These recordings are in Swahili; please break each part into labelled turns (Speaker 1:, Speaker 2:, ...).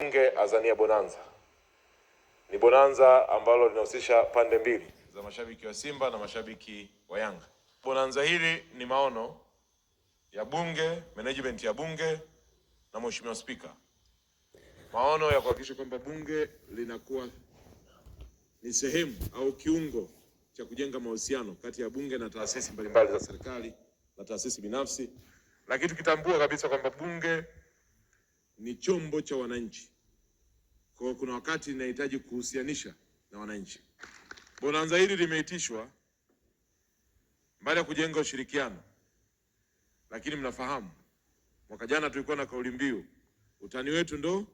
Speaker 1: Bunge azania bonanza ni bonanza ambalo linahusisha pande mbili za mashabiki wa Simba na mashabiki wa Yanga. Bonanza hili ni maono ya bunge, management ya bunge na mheshimiwa spika, maono ya kuhakikisha kwamba bunge linakuwa ni sehemu au kiungo cha kujenga mahusiano kati ya bunge na taasisi mbalimbali za serikali na taasisi binafsi, lakini tukitambua kabisa kwamba bunge ni chombo cha wananchi kwa hiyo kuna wakati inahitaji kuhusianisha na wananchi. Bonanza hili limeitishwa baada ya kujenga ushirikiano, lakini mnafahamu mwaka jana tulikuwa na kauli mbiu utani wetu ndo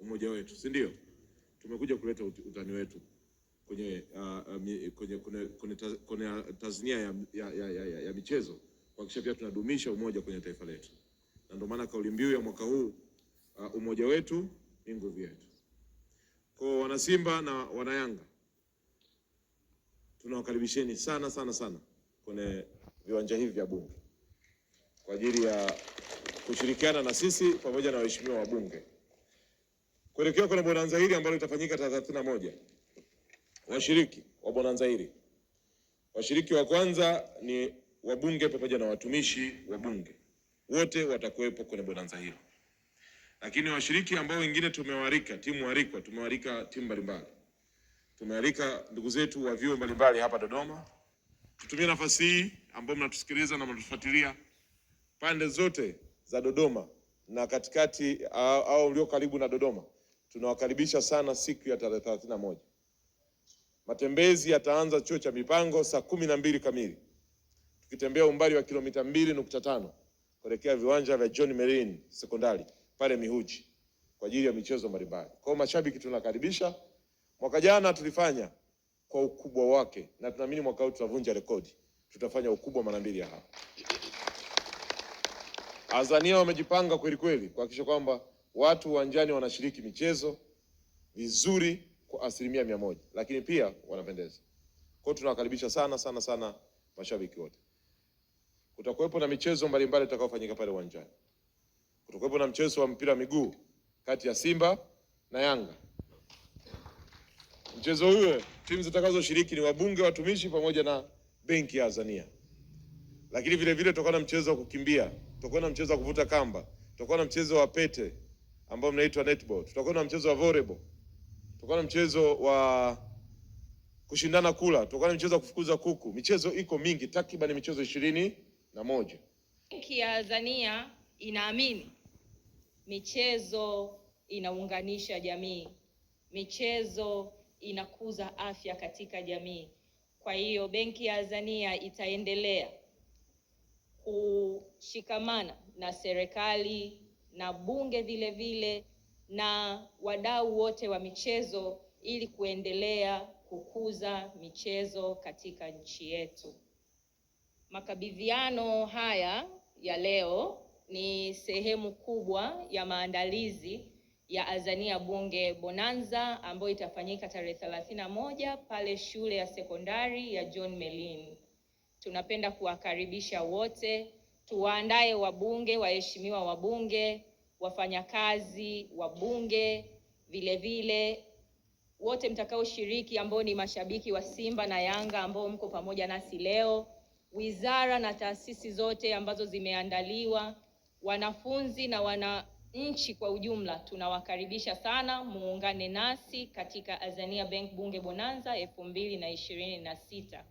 Speaker 1: umoja wetu, si ndio? Tumekuja kuleta utani wetu kwenye uh, uh kwenye, kwenye, kwenye, kwenye tasnia ya, ya, ya, ya, ya michezo kuhakikisha pia tunadumisha umoja kwenye taifa letu, na ndio maana kauli mbiu ya mwaka huu uh, umoja wetu ni nguvu yetu. Kwa wanasimba na wanayanga tunawakaribisheni sana sana sana kwenye viwanja hivi vya Bunge kwa ajili ya kushirikiana na sisi pamoja na waheshimiwa wabunge kuelekea kwenye bonanza hili ambalo litafanyika tarehe thelathini na moja. Washiriki wa bonanza hili, washiriki wa kwanza ni wabunge pamoja na watumishi wa bunge, wote watakuwepo kwenye bonanza hilo. Lakini washiriki ambao wengine tumewarika timu warikwa, tumewarika timu mbalimbali, tumewarika ndugu zetu wa vyuo mbalimbali hapa Dodoma. Tutumie nafasi hii ambao mnatusikiliza na mnatufuatilia pande zote za Dodoma na katikati au ulio karibu na Dodoma, tunawakaribisha sana siku ya tarehe thelathini na moja. Matembezi yataanza chuo cha mipango saa kumi na mbili kamili tukitembea umbali wa kilomita mbili nukta tano kuelekea viwanja vya John Merlin sekondari pale Mihuji kwa ajili ya michezo mbalimbali. Kwa hiyo mashabiki tunakaribisha. Mwaka jana tulifanya kwa ukubwa wake na tunaamini mwaka huu tutavunja rekodi, tutafanya ukubwa mara mbili ya hapa. Azania wamejipanga kweli kweli kuhakikisha kwamba watu uwanjani wanashiriki michezo vizuri kwa asilimia mia moja, lakini pia wanapendeza. Kwa hiyo tunawakaribisha sana sana sana mashabiki wote. Kutakuwepo na michezo mbalimbali itakayofanyika pale uwanjani kutokuwepo na mchezo wa mpira miguu kati ya Simba na Yanga. Mchezo huo timu zitakazoshiriki ni wabunge, watumishi pamoja na benki ya Azania. Lakini vile vile tutakuwa na mchezo wa kukimbia, tutakuwa na mchezo wa kuvuta kamba, tutakuwa na mchezo wa pete ambao mnaitwa netball, tutakuwa na mchezo wa volleyball, tutakuwa na mchezo wa kushindana kula, tutakuwa na mchezo wa kufukuza kuku. Michezo iko mingi, takriban michezo ishirini na moja.
Speaker 2: Benki ya Azania inaamini Michezo inaunganisha jamii, michezo inakuza afya katika jamii. Kwa hiyo Benki ya Azania itaendelea kushikamana na serikali na bunge vile vile na wadau wote wa michezo ili kuendelea kukuza michezo katika nchi yetu. Makabidhiano haya ya leo ni sehemu kubwa ya maandalizi ya Azania Bunge Bonanza ambayo itafanyika tarehe 31 pale shule ya sekondari ya John melin Tunapenda kuwakaribisha wote, tuwaandae wabunge, waheshimiwa wabunge, wafanyakazi wabunge, vile vile wote mtakaoshiriki ambao ni mashabiki wa Simba na Yanga ambao mko pamoja nasi leo, wizara na taasisi zote ambazo zimeandaliwa wanafunzi na wananchi kwa ujumla, tunawakaribisha sana muungane nasi katika Azania Bank Bunge Bonanza elfu mbili na ishirini na sita.